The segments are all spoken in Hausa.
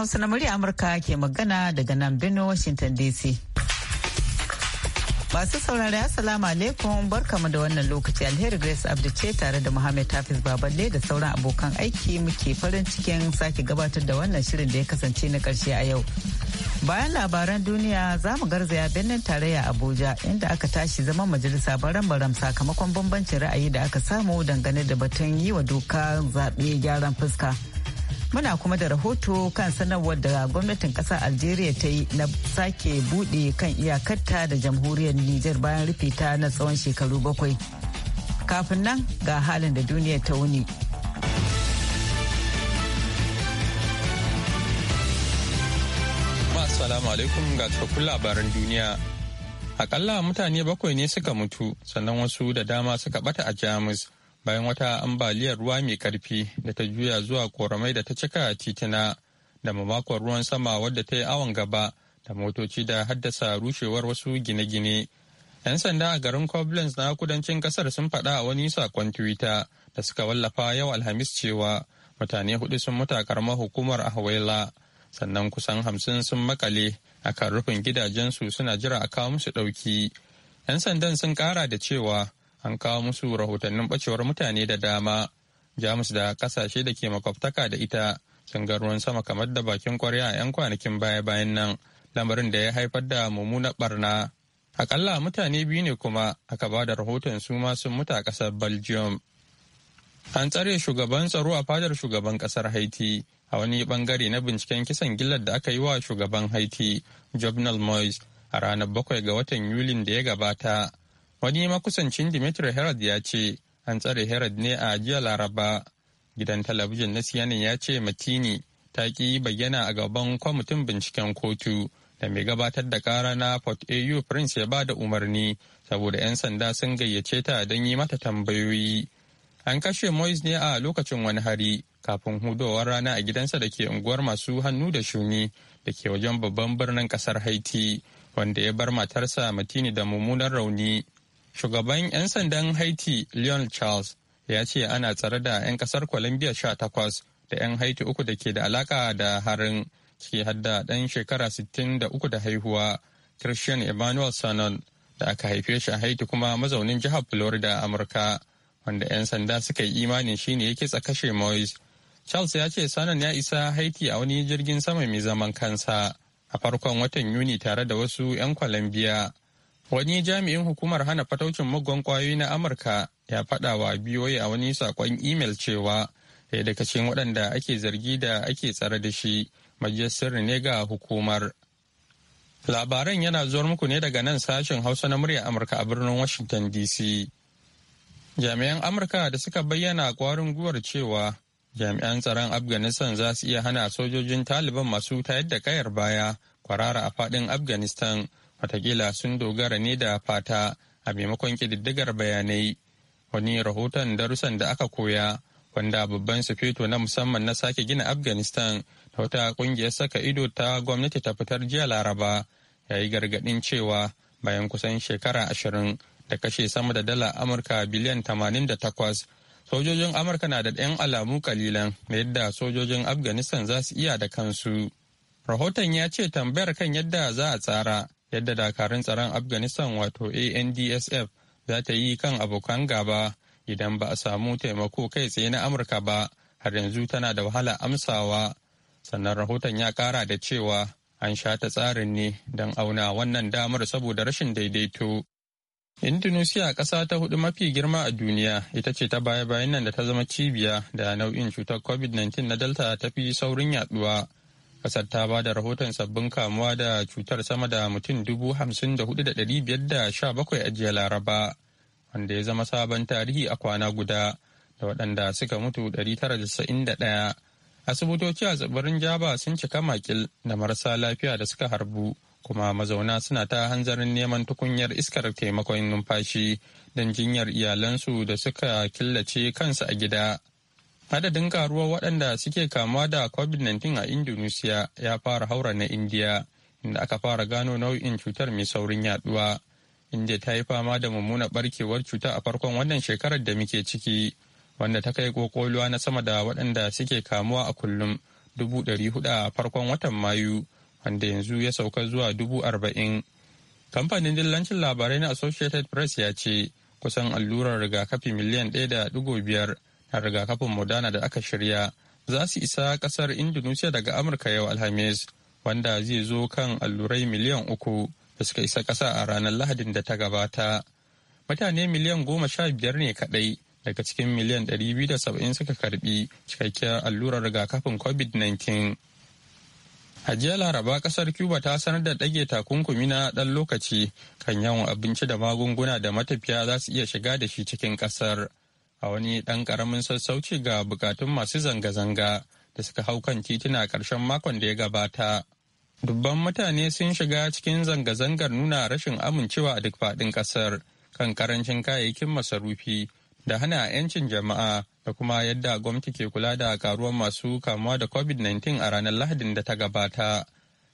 Hausa na murya Amurka ke magana daga nan Benue, Washington DC. Masu saurari Assalamu alaikum barkamu da wannan lokaci alheri Grace Abdu ce tare da Muhammad Hafiz Baballe da sauran abokan aiki muke farin cikin sake gabatar da wannan shirin da ya kasance na karshe a yau. Bayan labaran duniya za mu garzaya birnin tarayya Abuja inda aka tashi zama majalisa baram-baram sakamakon bambancin ra'ayi da aka samu dangane da batun yi wa doka zaɓe gyaran fuska. Muna kuma da rahoto kan sanarwar da gwamnatin ƙasar Algeria ta yi na sake buɗe kan iyakarta da jamhuriyar niger bayan rufe ta na tsawon shekaru bakwai. Kafin nan ga halin da duniya ta wuni. Assalamu alaikum ga labaran duniya. Akalla mutane bakwai ne suka mutu sannan wasu da dama suka bata a Jamus bayan wata ambaliyar ruwa mai karfi da ta juya zuwa koramai da ta cika titina da mamakon ruwan sama wadda ta yi awon gaba da motoci da haddasa rushewar wasu gine-gine. 'Yan sanda a garin Koblenz na kudancin kasar sun faɗa a wani sakon Twitter da suka wallafa yau Alhamis cewa mutane hudu sun mutu a karamar hukumar Ahwaila sannan kusan hamsin sun makale a kan rufin gidajensu suna jira a kawo musu ɗauki. 'Yan sandan sun ƙara da cewa an kawo musu rahotannin bacewar mutane da dama jamus da kasashe da ke makwabtaka da ita sun ga ruwan sama kamar da bakin kwarya a 'yan kwanakin baya-bayan nan lamarin da ya haifar da mummunar barna akalla mutane biyu ne kuma aka ba da rahoton su ma sun mutu a kasar belgium an tsare shugaban tsaro a fadar shugaban kasar haiti a wani bangare na binciken kisan gillar da aka yi wa shugaban haiti jovenel moise a ranar bakwai ga watan yulin da ya gabata Wani makusancin Dimitri Herod ya ce an tsare Herod ne a jiya Laraba. Gidan talabijin na CNN ya ce Matini ta ƙi bayyana a gaban kwamitin binciken kotu da mai gabatar da kara na Port AU Prince ya ba da umarni saboda 'yan sanda sun gayyace ta don yi mata tambayoyi. An kashe Moise ne a lokacin wani hari kafin hudowar rana a gidansa da ke unguwar masu hannu da shuni da ke wajen babban birnin kasar Haiti wanda ya bar matarsa Matini da mummunan rauni. Shugaban 'yan sandan Haiti Leon Charles ya ce ana tsare da 'yan kasar Colombia takwas da 'yan Haiti uku da ke da alaka da harin ciki hadda dan shekara 63 da haihuwa Christian Emmanuel Sanon da aka haife shi a Haiti kuma mazaunin jihar Florida Amurka wanda 'yan sanda suka yi imanin shine ya yake kashe Moise. Charles ya ce Sanon ya isa Haiti a wani jirgin sama mai zaman kansa a farkon watan Yuni tare da wasu 'yan Colombia. Wani jami'in hukumar hana fataucin muggan kwayoyi na Amurka ya faɗa wa BOA a wani saƙon imel cewa ɗaya daga cikin waɗanda ake zargi da ake tsare da shi majiyar ne ga hukumar. Labaran yana zuwar muku ne daga nan sashen Hausa na murya Amurka a birnin Washington DC. Jami'an Amurka da suka bayyana kwarin guwar cewa jami'an tsaron Afghanistan za su iya hana sojojin Taliban masu tayar da kayar baya kwarara a faɗin Afghanistan watakila sun dogara ne da fata a maimakon ƙididdigar bayanai wani rahoton darussan da aka koya wanda babban sufeto na musamman na sake gina afghanistan da wata kungiyar saka ido ta gwamnati ta fitar jiya laraba ya yi gargaɗin cewa bayan kusan shekara ashirin da kashe sama da dala amurka biliyan tamanin da takwas sojojin amurka na da ɗan alamu kalilan da yadda sojojin afghanistan za su iya da kansu rahoton ya ce tambayar kan yadda za a tsara yadda dakarun tsaron afghanistan wato andsf za ta yi kan abokan gaba idan ba a samu taimako kai tsaye na amurka ba har yanzu tana da wahala amsawa sannan rahoton ya kara da cewa an sha ta tsarin ne don auna wannan damar saboda rashin daidaito Indonesia ƙasa ta hudu mafi girma a duniya ita ce ta baya-bayan nan da ta zama cibiya da nau'in cutar COVID-19 na Delta ta fi saurin yaduwa Kasar ta ba da rahoton sabbin kamuwa da cutar sama da mutum dubu hamsin da hudu da dari biyar da sha bakwai a jiya Laraba, wanda ya zama sabon tarihi a kwana guda da waɗanda suka mutu dari tara da sa'in da ɗaya. Asibitoci a tsibirin Jaba sun cika makil da marasa lafiya da suka harbu, kuma mazauna suna ta hanzarin neman tukunyar iskar taimakon numfashi don jinyar iyalansu da suka killace kansu a gida. Adadin karuwa waɗanda suke kamuwa da COVID-19 a Indonesia ya fara haura na India, inda aka fara gano nau'in cutar mai saurin yaduwa. India ta yi fama da mummuna barkewar cuta a farkon wannan shekarar da muke ciki, wanda ta kai kokoluwa na sama da waɗanda suke kamuwa a kullum dubu ɗari hudu a farkon watan Mayu, wanda yanzu ya sauka zuwa dubu arba'in. Kamfanin dillancin labarai na Associated Press ya ce kusan allurar rigakafi miliyan ɗaya da ɗigo biyar a rigakafin Moderna da aka shirya za su isa kasar Indonesia daga Amurka yau Alhamis, wanda zai zo kan allurai miliyan uku da suka isa ƙasa a ranar Lahadin da ta gabata. Mutane miliyan goma sha biyar ne kaɗai daga cikin miliyan ɗari biyu da saba'in suka karbi cikakkiyar allurar rigakafin COVID-19. A jiya Laraba kasar Cuba ta sanar da ɗage takunkumi na ɗan lokaci kan yawan abinci da magunguna da matafiya za su iya shiga da shi cikin ƙasar. a wani ɗan ƙaramin sassauci ga bukatun masu zanga-zanga da suka hau kan titina ƙarshen makon da ya gabata. Dubban mutane sun shiga cikin zanga-zangar nuna rashin amincewa a duk faɗin ƙasar kan ƙarancin kayayyakin masarufi da hana 'yancin jama'a da kuma yadda gwamnati ke kula da karuwar masu kamuwa da covid-19 a ranar lahadin da ta gabata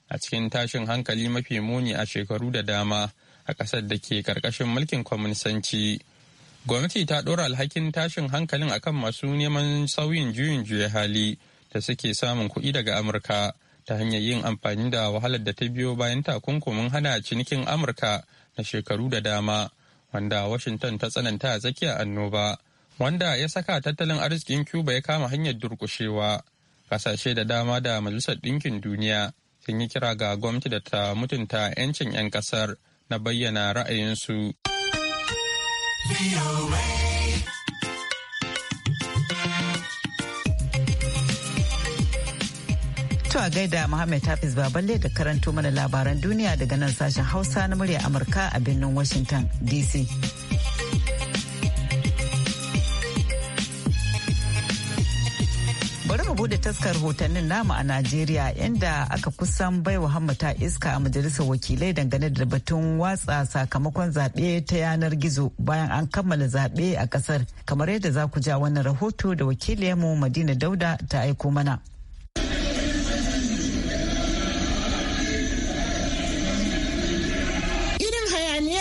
a cikin tashin hankali mafi muni a shekaru da dama a ƙasar da ke ƙarƙashin mulkin kwaminsanci. gwamnati ta ɗora alhakin tashin hankalin akan masu neman sauyin juyin juya hali da suke samun kuɗi daga amurka ta hanyar yin amfani da wahalar da ta biyo bayan takunkumin hana cinikin amurka na shekaru da dama wanda washington ta tsananta a tsakiyar annoba wanda ya saka tattalin arzikin cuba ya kama hanyar durkushewa ƙasashe da dama da majalisar ɗinkin duniya sun yi kira ga gwamnati da ta mutunta 'yancin 'yan ƙasar na bayyana ra'ayinsu. To a gaida Muhammad Hafiz Baballe da karanto mana labaran duniya daga nan sashen Hausa na murya Amurka a birnin Washington DC. buɗe taskar hotannin namu a Najeriya inda aka kusan bai baiwa hammata iska a majalisar wakilai dangane da batun watsa sakamakon zaɓe ta yanar gizo bayan an kammala zaɓe a ƙasar kamar yadda za ku ja wani rahoto da wakiliyarmu Madina Dauda ta aiko mana.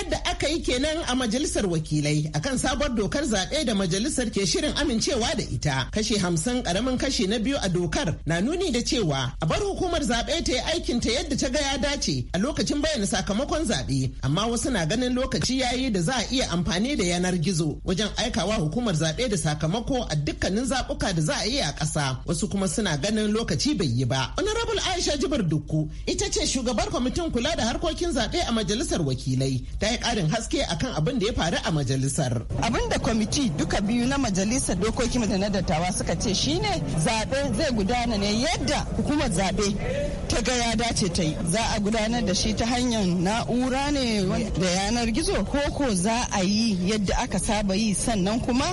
yadda aka yi kenan a majalisar wakilai akan sabuwar dokar zaɓe da majalisar ke shirin amincewa da ita. Kashi hamsin karamin kashi na biyu a dokar na nuni da cewa a bar hukumar zaɓe ta yi aikin ta yadda ta ga ya dace a lokacin bayyana sakamakon zaɓe. Amma wasu na ganin lokaci ya yi da za a iya amfani da yanar gizo wajen aikawa hukumar zaɓe da sakamako a dukkanin zaɓuka da za a yi a ƙasa. Wasu kuma suna ganin lokaci bai yi ba. Honorable Aisha Jibar Dukku ita ce shugabar kwamitin kula da harkokin zaɓe a majalisar wakilai. Ta yi karin haske akan abin da ya faru a majalisar. Abin da kwamiti duka biyu na majalisar dokoki da na dattawa suka ce shine zaɓe zai gudana ne yadda hukumar zaɓe ta ga ya dace ta yi. Za a gudanar da shi ta hanyar na'ura ne da yanar gizo ko ko za a yi yadda aka saba yi sannan kuma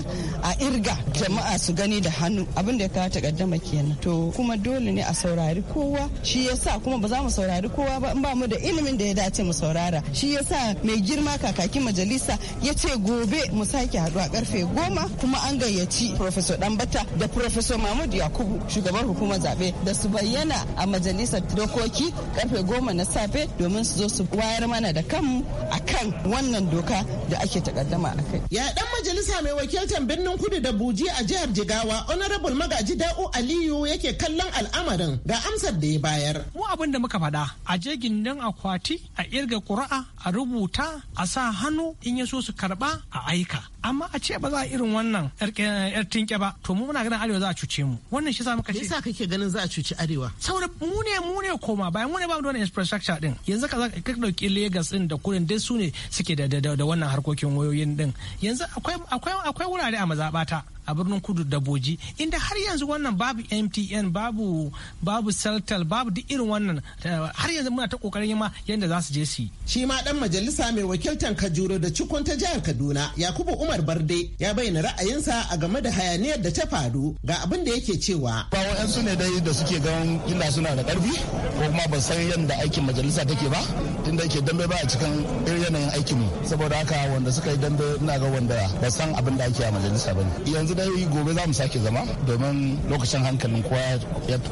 a irga jama'a su gani da hannu abin da ya kawo takaddama kenan. To kuma dole ne a saurari kowa shi yasa kuma ba za mu saurari kowa ba in ba mu da ilimin da ya dace mu saurara shi yasa mai girma kakakin majalisa ya ce gobe mu sake haɗu a karfe goma kuma an gayyaci Professor Dambata da Professor Mahmud Yakubu shugaban hukumar zaɓe da su bayyana a majalisar dokoki karfe goma na safe domin su zo su wayar mana da kanmu a kan wannan doka da ake takaddama a kai. Ya dan majalisa mai wakiltar birnin kudu da buji a jihar Jigawa Honorable Magaji Da'u Aliyu yake kallon al'amarin ga amsar da ya bayar. Mu abin da muka faɗa a je gindin akwati a irga ƙuri'a a rubuta a sa hannu in ya so su karba a aika amma a ce ba za a irin wannan yar tinke ba to mu muna ganin arewa za a cuce mu wannan shi sa muka ce yasa kake ganin za a cuci arewa saboda mu ne mu ne koma bayan mu ne ba mu da wannan infrastructure din yanzu ka ka dauki Lagos din da kurin dai su ne suke da da wannan harkokin wayoyin din yanzu akwai akwai akwai wurare a mazabata a birnin kudu da boji inda har yanzu wannan babu mtn babu babu celtel babu duk irin wannan eh, har yanzu muna ta kokarin yi ma yadda za su je su shi ma dan majalisa mai wakiltan kajuro da cikon ta jihar kaduna yakubu umar barde ya bayyana ra'ayinsa a game da hayaniyar da ta faru ga abin da yake cewa ba wa'ansu ne dai da suke ganin illa suna da karfi ko kuma ba san yadda aikin majalisa take ba inda yake dambe ba a cikin yanayin aikinmu saboda haka wanda suka yi dambe ina ga wanda ba san abin da ake a majalisa ba yanzu yanzu dai gobe za mu sake zama domin lokacin hankalin kowa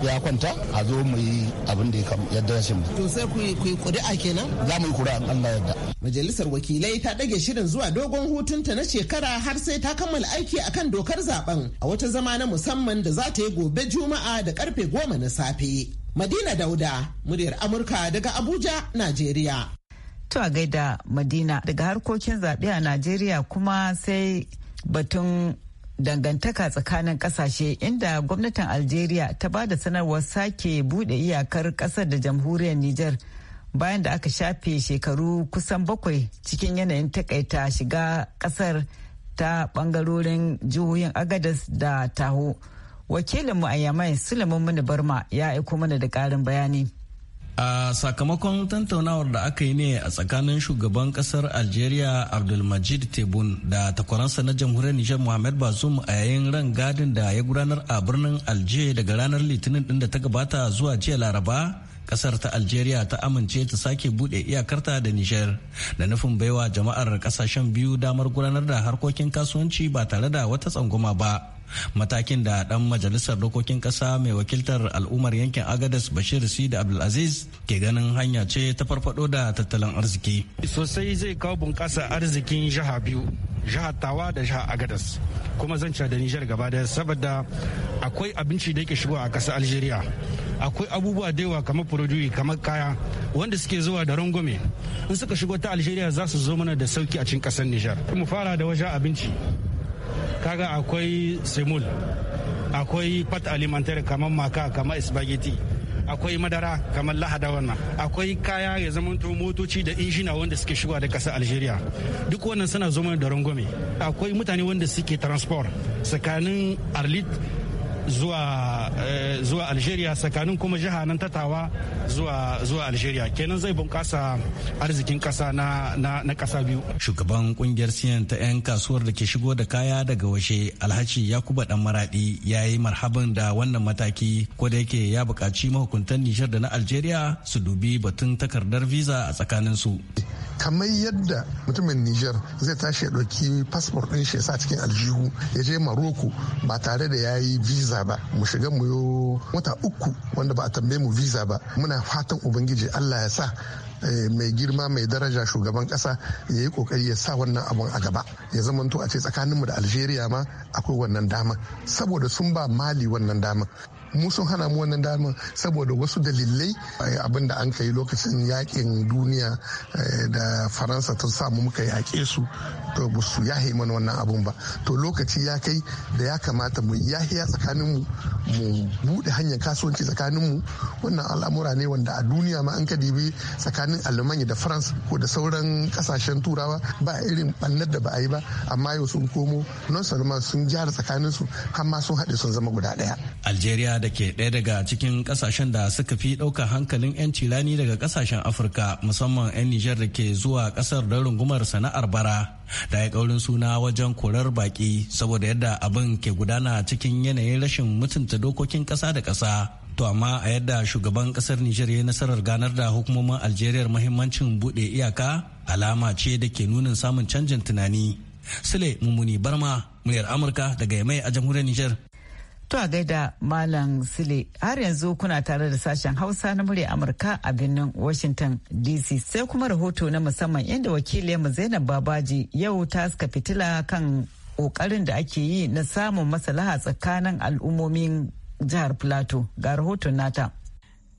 ya kwanta a zo mu yi abin da ya dace mu. To sai ku yi kuri'a kenan? Za mu yi kuri'a Allah yadda. Majalisar wakilai ta ɗage shirin zuwa dogon hutunta na shekara har sai ta kammala aiki akan dokar zaben a wata zama na musamman da za ta yi gobe Juma'a da karfe goma na safe. Madina Dauda, muryar Amurka daga Abuja, Najeriya. To a gaida Madina daga harkokin zaɓe a Najeriya kuma sai batun dangantaka tsakanin kasashe inda gwamnatin algeria ta ba da sanarwar sake bude iyakar kasar da jamhuriyar niger bayan da aka shafe shekaru kusan bakwai cikin yanayin takaita shiga kasar ta bangarorin jihohin agadas da taho wakilinmu a yamai sulaiman mini barma ya aiko mana da karin bayani a sakamakon tantaunawar da aka yi ne a tsakanin shugaban kasar algeria abdulmajid tebun da takwaransa na jamhuriyar nijar mohamed bazoum a yayin ran gadin da ya gudanar a birnin alje daga ranar litinin din da ta gabata zuwa jiya laraba kasar ta algeria ta amince ta sake bude iyakarta da nijar da nufin baiwa jama'ar kasashen biyu damar gudanar da harkokin kasuwanci ba tare da wata tsangwama ba matakin da dan majalisar dokokin kasa mai wakiltar al'ummar yankin agadas bashir sidi abdulaziz ke ganin hanya ce ta farfado da tattalin arziki sosai zai kawo bunƙasa arzikin jiha biyu jihar tawa da jihar agadas kuma zan da nijar gaba daya saboda akwai abinci da yake shigo a ƙasar algeria akwai abubuwa da yawa kamar produce kamar kaya wanda suke zuwa da rangwame in suka shigo ta algeria za su zo mana da sauki a cikin ƙasar nijar mu fara da wajen abinci kaga akwai simul akwai pat alimentaire kamar maka kamar spaghetti akwai madara kamar lahada wannan akwai kaya ya zama motoci da injina wanda suke shigowa da kasa algeria duk wannan suna zama da rangwame akwai mutane wanda suke transport tsakanin arlit zuwa eh, zuwa algeria tsakanin kuma jiha nan tatawa zuwa zuwa algeria kenan zai bunkasa arzikin kasa na na kasa biyu shugaban kungiyar siyan ta 'yan kasuwar da ke shigo da kaya daga washe alhaji yakuba dan maradi ya yi marhaban da wannan mataki ko da yake ya buƙaci mahukuntan nijar da na algeria su dubi batun takardar visa a tsakanin su kamar yadda mutumin Nijar zai tashi ya ɗauki fasfor ɗin shi sa cikin aljihu ya je Maroko ba tare da ya yi visa ba mu shiga mu yo wata uku wanda ba a tambaye mu visa ba muna fatan ubangiji Allah ya sa eh, mai girma mai daraja shugaban kasa ya yi kokari ya sa wannan abun a gaba ya zama to a ce tsakaninmu da algeria ma akwai wannan dama saboda sun ba mali wannan dama mu sun hana mu wannan dama saboda wasu dalilai eh, abin da an kai lokacin yakin duniya eh, da faransa ta samu muka yaƙe su to ba su yahe mana wannan abun ba to lokaci ya kai da ya kamata mu yahiya tsakanin mu mu bude hanyar kasuwanci tsakanin mu wannan al'amura ne wanda a duniya ma an kadibi tsakanin alemanya da Faransa ko da sauran kasashen turawa ba irin bannar da ba a yi ba amma yau sun komo non sun gyara tsakanin su har ma sun haɗe sun zama guda ɗaya algeria da ke ɗaya daga cikin ƙasashen da suka fi ɗaukar hankalin 'yanci rani daga ƙasashen afirka musamman 'yan nijar da ke zuwa ƙasar don rungumar sana'ar bara da ya ƙaurin suna wajen korar baƙi saboda yadda abin ke gudana cikin yanayin rashin mutunta dokokin ƙasa da ƙasa to amma a yadda shugaban ƙasar Nijar ya nasarar ganar da hukumomin Algeria mahimmancin buɗe iyaka alama ce da ke nunin samun canjin tunani. Sule Mummuni Barma, muryar Amurka daga Yamai a jamhuriyar Nijar. To a gaida Malam Sile har yanzu kuna tare da sashen Hausa na murya Amurka a birnin Washington DC sai kuma rahoto na musamman inda wakilinmu Zainab Babaji yau ta haska fitila kan kokarin da ake yi na samun maslaha tsakanin al'ummomin jihar Plateau ga rahoton nata.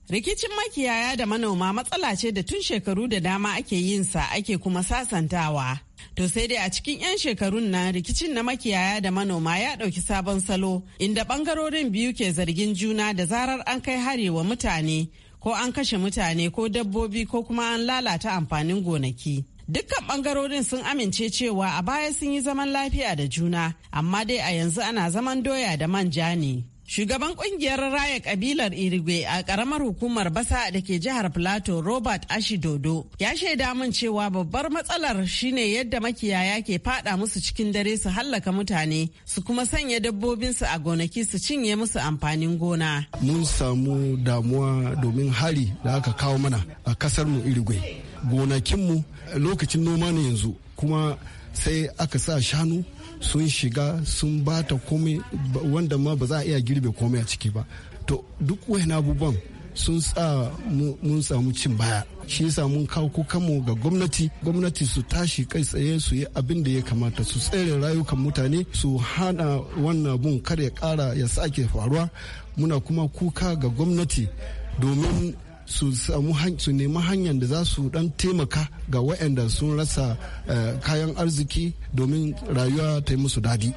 Rikicin makiyaya da manoma matsala ce da tun shekaru da dama ake yinsa ake kuma sasantawa. To sai dai a cikin 'yan shekarun nan, rikicin na makiyaya da manoma ya ɗauki sabon salo inda ɓangarorin biyu ke zargin juna da zarar an kai hari wa mutane ko an kashe mutane ko dabbobi ko kuma an lalata amfanin gonaki. Dukkan ɓangarorin sun amince cewa a baya sun yi zaman lafiya da juna amma dai a yanzu ana zaman doya da manja ne. Shugaban kungiyar raya kabilar Irigwe a karamar hukumar basa da ke jihar Plateau Robert Ashidodo ya shaida min cewa babbar matsalar shine yadda makiyaya ke fada musu cikin dare su hallaka mutane su kuma sanya dabbobinsu a gonaki su cinye musu amfanin gona. Mun samu damuwa domin hari da aka kawo mana a kasar mu Irigwe. Gonakinmu lokacin noma ne yanzu kuma sai aka sa shanu sun shiga sun bata komai wanda ma ba za a iya girbe komai a ciki ba to duk wani abubuwan sun sa mun samu cin baya shi yasa mun kawo kukanmu ga gwamnati gwamnati su tashi kai tsaye su yi abin da ya kamata su tsere rayukan mutane su hana wannan abun kar ya kara ya sake faruwa muna kuma kuka ga gwamnati domin su samu su nemi hanyar da za su dan taimaka ga waɗanda sun rasa eh, kayan arziki domin rayuwa ta yi musu dadi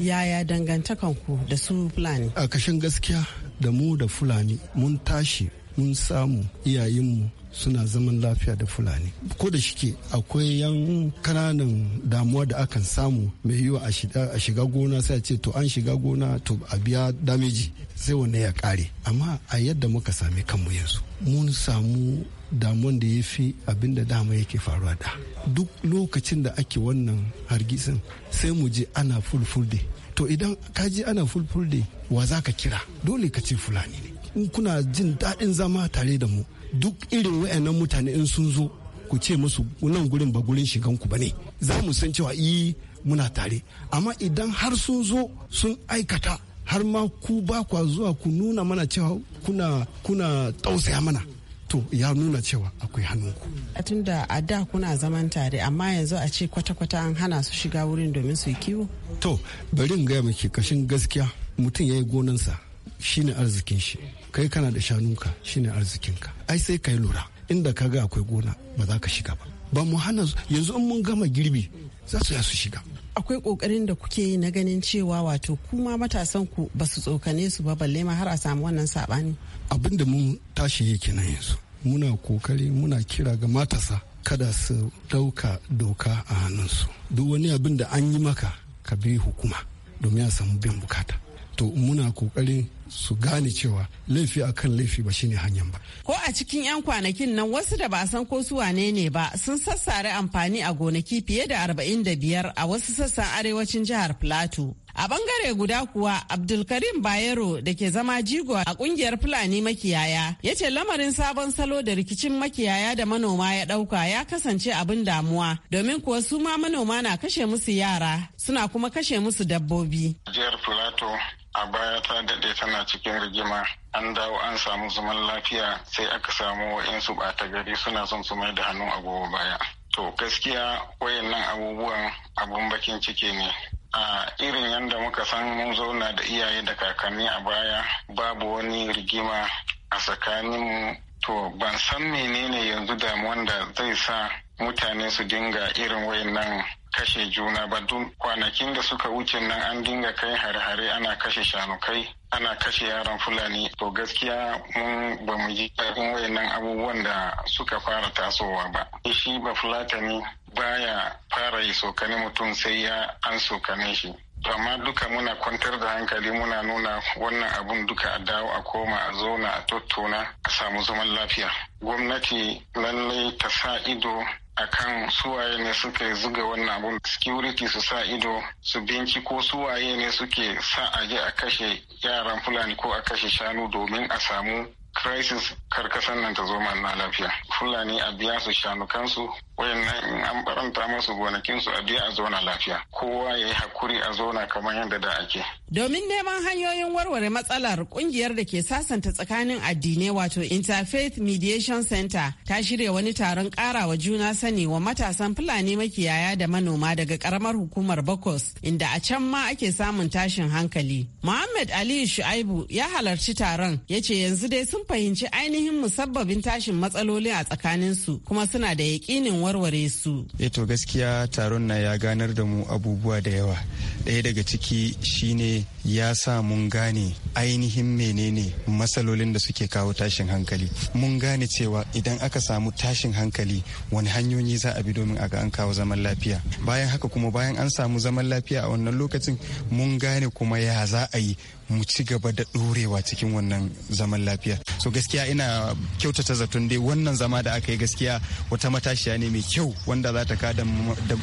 yaya dangantakanku da su fulani a kashin gaskiya da mu da fulani mun tashi mun samu iyayenmu suna zaman lafiya da fulani ko da shike akwai yan kananan damuwa da akan samu mai yiwa a shiga gona sai a ce to an shiga gona to a biya damiji sai wanne ya kare amma a yadda muka sami kanmu yanzu mun samu damuwan da ya fi abin dama yake faruwa da duk lokacin da ake wannan hargitsin sai mu je ana fulfulde to idan ka je ana fulfulde wa za ka kira dole ka ce fulani ne in kuna jin daɗin zama tare da mu duk irin wayannan mutane in sun zo ku ce musu nan gurin ba gurin shigan ku ne za mu san cewa yi eh, muna tare amma idan har sun zo sun aikata har ma ku ba kwa zuwa ku nuna mana cewa kuna kuna tausaya mana to ya nuna cewa akwai hannunku. tun da a da kuna zaman tare amma yanzu a ce kwata-kwata an hana su shiga wurin domin su yi kiwo? to bari in gaya muke kashin gaskiya mutum ya yi gonansa shine arzikin shi kai kana da shanunka shine arzikinka ai sai kai lura inda ka ga akwai gona ba za ka shiga ba ba mu hana yanzu in mun gama girbi za su ya su shiga akwai kokarin da kuke yi na ganin cewa wato kuma matasan ku ba su tsokane su ba balle ma har a samu wannan sabani abin da mun tashi yake nan yanzu muna kokari muna kira ga matasa kada su dauka doka a hannun su duk wani abin da an yi maka ka bi hukuma domin a samu biyan bukata to muna kokarin su gane cewa laifi akan laifi ba shine hanyar ba. Ko a cikin 'yan kwanakin nan wasu da ba san ko su wane ne ba sun sassare amfani a gonaki fiye da 45 a wasu sassan arewacin jihar Plateau. A bangare guda kuwa Abdulkarim Bayero da ke zama jigo a kungiyar Fulani makiyaya ya ce lamarin sabon salo da rikicin makiyaya da manoma ya dauka ya kasance abin damuwa domin kuwa su ma manoma na kashe musu yara suna kuma kashe musu dabbobi. Jihar Plateau a baya ta daɗe tana cikin rigima an dawo an samu zaman lafiya sai aka samu wa'insu ɓata gari suna son su mai da hannu a goma baya to gaskiya wayannan abubuwan abun bakin ciki ne a irin yadda muka san mun zauna da iyaye da kakanni a baya babu wani rigima a tsakaninmu to ban san menene yanzu damuwan da zai sa mutane su dinga irin wayannan kashe juna ba duk kwanakin da suka wuce nan an dinga kai hare-hare ana kashe shanukai ana kashe yaran fulani to gaskiya mun ba mu ji daɗin wayannan abubuwan da suka fara tasowa ba shi ba fulatani baya fara yi sokane mutum sai ya an sokane shi amma duka muna kwantar da hankali muna nuna wannan abun duka a dawo a koma a zauna a tattauna a samu zaman lafiya gwamnati lallai ta sa ido akan suwaye ne suke zuga wannan abun security su sa ido su binciko suwaye ne suke sa a je a kashe yaran fulani ko a kashe shanu domin a samu crisis karkasan nan ta zo na lafiya fulani a biya su shanu kansu. wayannan in an baranta masu su a je a zauna lafiya kowa ya yi hakuri a zauna kamar yadda da ake. Domin neman hanyoyin warware matsalar kungiyar da ke sasanta tsakanin addinai wato Interfaith Mediation Center ta shirya wani taron karawa juna sani wa matasan Fulani makiyaya da manoma daga karamar hukumar Bakos inda a can ma ake samun tashin hankali. Muhammad Ali Shu'aibu ya halarci taron ya ce yanzu dai sun fahimci ainihin musabbabin tashin matsaloli a tsakaninsu kuma suna da yaƙinin warware su. E to gaskiya taron na ya ganar da mu abubuwa da yawa. Ɗaya daga ciki shine ya sa mun gane ainihin menene matsalolin da suke kawo tashin hankali. Mun gane cewa idan aka samu tashin hankali wani hanyoyi za a bi domin a ga an kawo zaman lafiya. Bayan haka kuma bayan an samu zaman lafiya a wannan lokacin mun gane kuma ya za a yi mu ci gaba da ɗorewa cikin wannan zaman lafiya so gaskiya ina kyautata zaton dai wannan zama da aka yi gaskiya wata matashiya ne mai kyau wanda za ta ka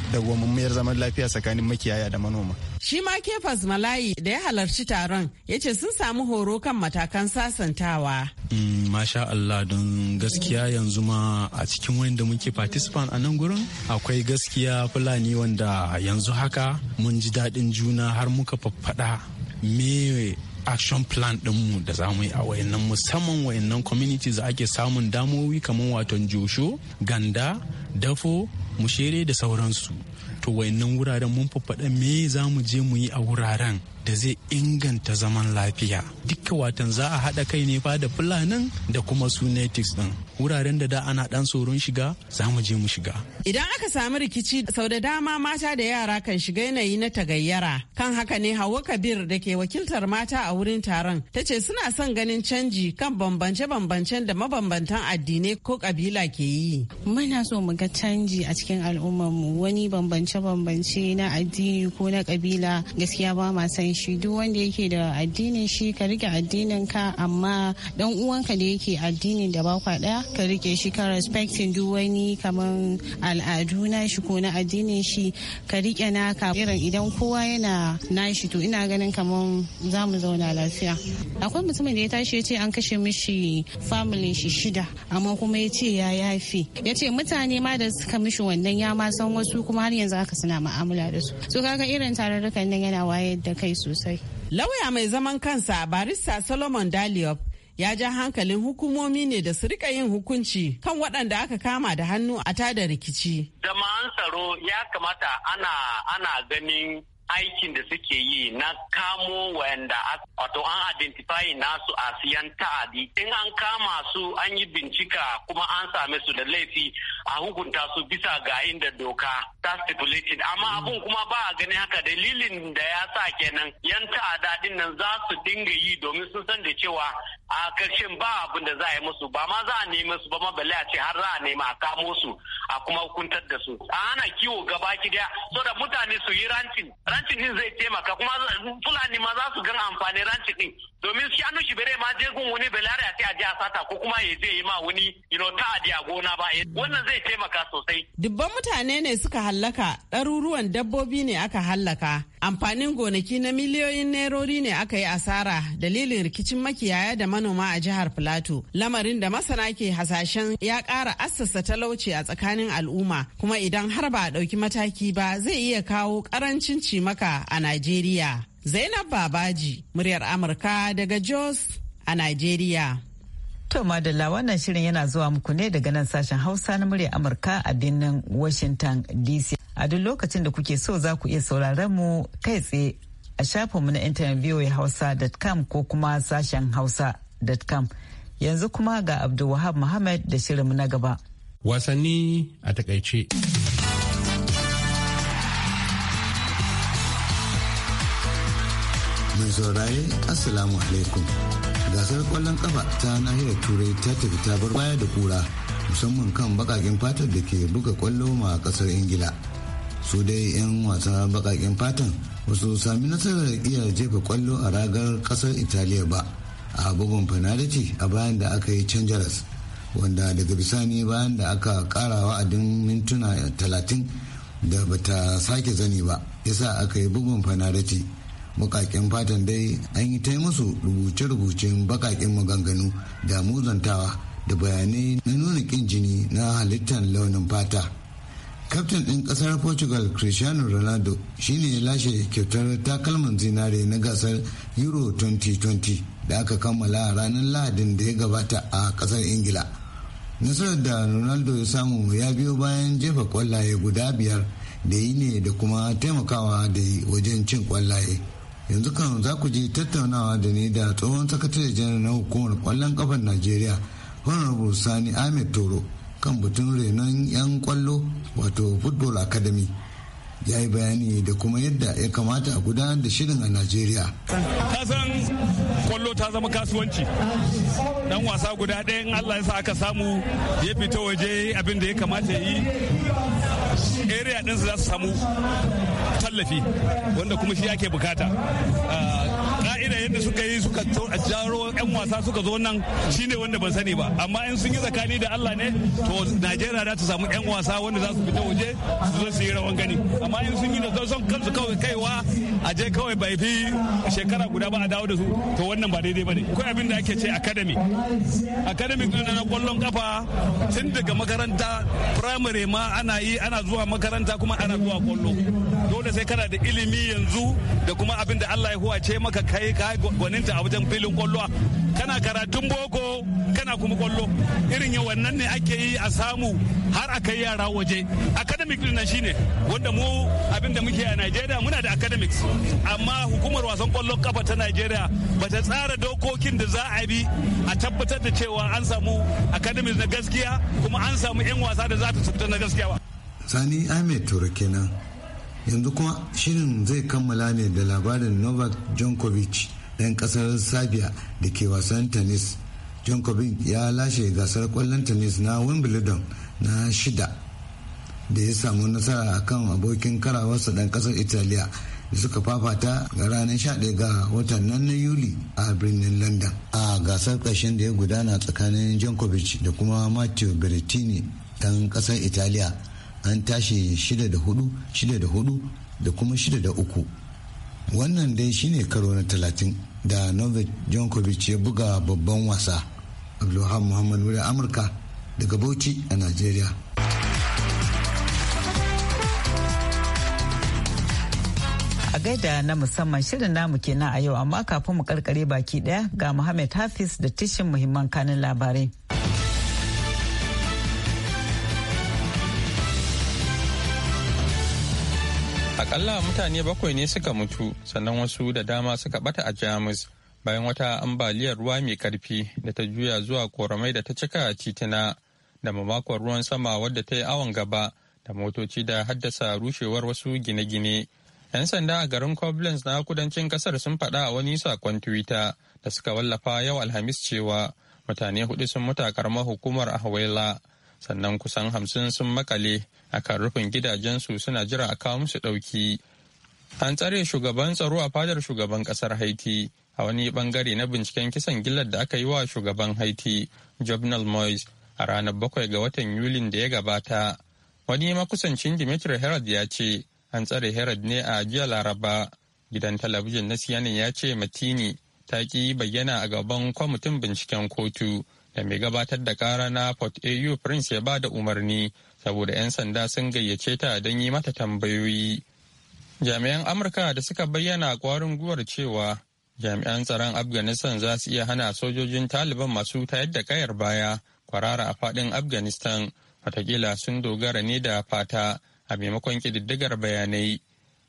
da gwamammiyar zaman lafiya tsakanin makiyaya da manoma shi ma kefas malayi da ya halarci taron ya ce sun samu horo kan matakan sasantawa mm, masha Allah don gaskiya yanzu ma a cikin da muke participant a nan gurin akwai gaskiya fulani wanda yanzu haka mun ji daɗin juna har muka faffaɗa me action plan ɗinmu da za mu yi a wayannan musamman wayannan communities ake samun damowi kamar waton josho ganda dafo mushere da sauransu to wayannan wuraren mun faɗa me za mu je mu yi a wuraren da zai inganta zaman lafiya duka watan za a haɗa kai ne fa da fulanin da kuma su natives ɗin wuraren da da ana dan tsoron shiga za mu je mu shiga. Idan aka samu rikici sau da dama mata da yara kan shiga yanayi na tagayyara. Kan haka ne Hauwa Kabir da ke wakiltar mata a wurin taron ta ce suna son ganin canji kan bambance-bambancen da mabambantan addinai ko kabila ke yi. Muna so mu ga canji a cikin mu. wani bambance-bambance na addini ko na kabila gaskiya ba ma san shi duk wanda yake da addinin shi ka rike addinin ka amma dan uwanka da yake addinin da ba ɗaya. ka rike shi ka respecting duk wani kaman al'adu na shi ko na addinin shi ka rike naka irin idan kowa yana nashi to ina ganin kaman za mu zauna lafiya akwai mutumin da ya tashi ya ce an kashe mishi family shi shida amma kuma ya ce ya yafi ya ce mutane ma da suka mishi wannan ya ma san wasu kuma har yanzu aka suna ma'amala da su so kaga irin tarurrukan nan yana wayar da kai sosai lauya mai zaman kansa barista solomon daliop ya ja hankalin hukumomi ne da su rika yin hukunci kan waɗanda aka kama da hannu a tada rikici. Jama'an tsaro ya kamata ana ana ganin aikin da suke yi na kamo wayanda wato an identify nasu a siyan ta'adi in an kama su an yi bincika kuma an same su da laifi a hukunta su bisa ga inda doka ta stipulated amma mm. abun kuma ba a gani haka dalilin da ya sa kenan yan ta'ada din za su dinga yi domin sun san da cewa a karshen ba abin da za a yi musu ba ma za a nemi su ba ma balle a ce har za a nemi a kamo su a kuma hukuntar da su a hana kiwo gaba ki daya so da mutane su yi rancin rancin din zai taimaka kuma fulani ma za su gan amfani rancin din domin anu shi bere ma je gun wani belare a ce a je a sata ko kuma ya je yi ma wani know ta a gona ba eh, wannan zai taimaka sosai dubban mutane ne suka hallaka ɗaruruwan dabbobi ne aka hallaka amfanin gonaki na miliyoyin nerori ne aka yi asara dalilin rikicin makiyaya da manoma a jihar filato lamarin da masana ke hasashen ya ƙara assasa talauci a tsakanin al'umma kuma idan har ba a ɗauki mataki ba zai iya kawo ƙarancin cimaka a najeriya zainab babaji muryar amurka daga jos a najeriya To Madalla wannan shirin yana zuwa muku ne daga nan sashen Hausa na murya Amurka a birnin Washington DC. A duk lokacin da kuke so za ku iya sauraron mu kai tsaye a shafinmu na intanet hausa.com ko kuma sashen hausa.com. Yanzu kuma ga Abdulwahab Muhammad da shirinmu na gaba. Wasanni a takaice. mai saurare assalamu alaikum gasar kwallon kafa ta nahiyar turai ta tafi ta bar baya da kura musamman kan bakakin fatar da ke buga kwallo ma kasar ingila su dai 'yan wasa bakakin fatan wasu sami nasarar iya jefa kwallo a ragar kasar italiya ba a bugun fanadaci a bayan da aka yi canjaras wanda daga bisani bayan da aka kara wa'adin mintuna talatin da bata sake zani ba yasa aka yi bugun fanadaci bukaken fatan dai an yi ta musu rubuce-rubucen bakakin maganganu da muzantawa da bayanai na nuna kin jini na halittar launin fata kaftin ɗin ƙasar portugal cristiano ronaldo shine ya lashe kyautar takalman zinare na gasar euro 2020 da aka kammala ranar lahadin da ya gabata a ƙasar ingila nasarar da ronaldo ya samu ya biyo bayan jefa kwallaye guda biyar da yi ne da kuma taimakawa da wajen cin kwallaye yanzu kan za ku ji tattaunawa da ni da tsohon sakatare janar na hukumar kwallon kafar najeriya honorable sani ahmed toro kan batun renon 'yan kwallo wato football academy ya yi bayani da kuma yadda ya kamata a gudanar da shirin a najeriya kasan kwallo ta zama kasuwanci dan wasa guda ɗaya in allah ya sa aka samu ya fita waje abin da ya kamata ya yi area ɗinsu za su samu tallafi wanda kuma shi ake bukata ah, ka'ida yadda suka yi suka jaro 'yan wasa suka zo nan shine wanda ban sani ba amma in sun yi tsakani da Allah ne to Najeriya za ta samu 'yan wasa wanda za su fita waje su zo su yi rawan gani amma in sun yi da son kansu kawai kaiwa a je kawai bai fi shekara guda ba a dawo da su to wannan ba daidai ba ne akwai abin da ake ce academy academy na kwallon kafa tun daga makaranta primary ma ana yi ana zuwa makaranta kuma ana zuwa kwallo dole sai kana da ilimi yanzu da kuma abin da Allah ya huwace maka kai ka gwaninta a wajen filin kwallo kana karatun boko kana kuma kwallo irin yau wannan ne ake yi a samu har a kai yara waje academic din na shine wanda mu abinda muke a Najeriya muna da academics amma hukumar wasan kwallon kafa ta Najeriya bata tsara dokokin da za a bi a tabbatar da cewa an samu academics na gaskiya kuma an samu 'yan wasa da za ta tsabta na gaskiya ba Sani Ahmed Ture kenan yanzu kuma shirin zai kammala ne da labarin Novak Djokovic ɗan ƙasar serbia da ke wasan tennis jankovic ya lashe gasar kwallon tennis na wimbledon na shida da ya samu nasara a kan abokin karawarsa ɗan ƙasar italiya da suka fafata ga ranar 11 ga watan nan na yuli a birnin london a gasar ƙarshen da ya gudana tsakanin jankovic da kuma matthew berrettini ɗan ƙasar italiya an tashi shida da hudu shida da hudu da kuma shida da uku wannan dai shine karo na talatin da novak jankovic ya buga babban wasa abdulhamid muhammad wuri amurka daga bauchi a nigeria a gaida na musamman shirin namu kenan a yau amma kafin mu karkare baki daya ga Muhammad Hafiz da tishin muhimman kanin labarai. Akalla mutane bakwai ne suka mutu sannan wasu da dama suka bata a Jamus bayan wata ambaliyar ruwa mai karfi da ta juya zuwa koramai da ta cika titina da mamakon ruwan sama wadda ta yi awon gaba da motoci da haddasa rushewar wasu gine-gine. 'Yan sanda a garin Koblenz na kudancin kasar sun faɗa a wani sakon Twitter da suka wallafa yau Alhamis cewa mutane hudu sun mutu a karamar hukumar Ahwaila sannan kusan hamsin sun makale a kan rufin gidajensu suna jira a kawo musu ɗauki. An tsare shugaban tsaro a fadar shugaban ƙasar Haiti a wani ɓangare na binciken kisan gillar da aka yi wa shugaban Haiti, Jovenel Moise, a ranar bakwai ga watan Yulin da ya gabata. Wani makusancin Dimitri Herod ya ce, an tsare Herod ne a jiya Laraba. Gidan talabijin na CNN ya ce Matini ta ƙi bayyana a gaban kwamitin binciken kotu da mai gabatar da kara na port au prince ya ba da umarni saboda 'yan sanda sun gayyace ta don yi mata tambayoyi jami'an amurka da suka bayyana kwarin guwar cewa jami'an tsaron afghanistan za su iya hana sojojin taliban masu tayar da kayar baya kwarara a fadin afghanistan watakila sun dogara ne da fata a maimakon ƙididdigar bayanai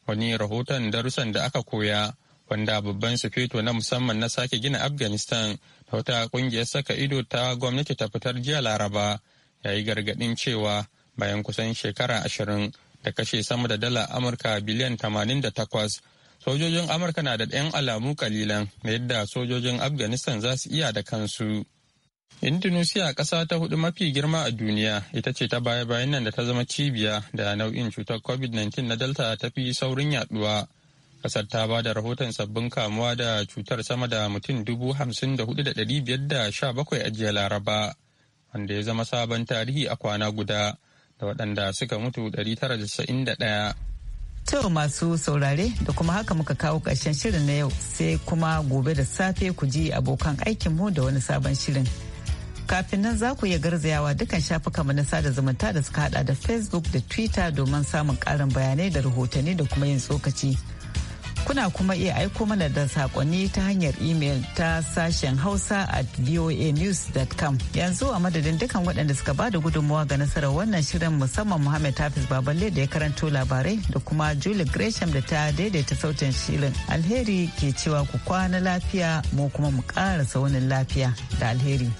wani rahoton darussan da aka koya wanda babban sufeto na musamman na sake gina afghanistan da wata kungiyar saka ido ta gwamnati ta fitar jiya laraba ya yi gargaɗin cewa bayan kusan shekara ashirin da kashe sama da dala amurka biliyan tamanin da takwas sojojin amurka na da ɗayan alamu kalilan na yadda sojojin afghanistan za su iya da kansu indonesia ƙasa ta hudu mafi girma a duniya ita ce ta baya bayan nan da ta zama cibiya da nau'in cutar covid-19 na delta ta fi saurin yaduwa Kasar ta ba da rahoton sabbin kamuwa da cutar sama da mutum dubu hamsin da hudu da dari biyar da sha bakwai a jiya Laraba, wanda ya zama sabon tarihi a kwana guda da waɗanda suka mutu dari tara da sa'in da ɗaya. To masu saurare da kuma haka muka kawo ƙarshen shirin na yau sai kuma gobe da safe ku ji abokan aikinmu da wani sabon shirin. Kafin nan za ku iya garzayawa dukkan shafukanmu na sada zumunta da suka hada da Facebook da Twitter domin samun ƙarin bayanai da rahotanni da kuma yin tsokaci. Kuna kuma iya aiko mana da sakonni ta hanyar imel ta sashen Hausa at voanews.com. Yanzu a madadin dukan waɗanda suka ba da gudunmawa ga nasarar wannan shirin musamman muhammed Hafiz Baballe da ya karanto labarai da kuma Julie Gresham da ta daidaita sautin shirin. Alheri ke cewa ku kwana lafiya mu kuma mu ƙarasa wani lafiya da alheri.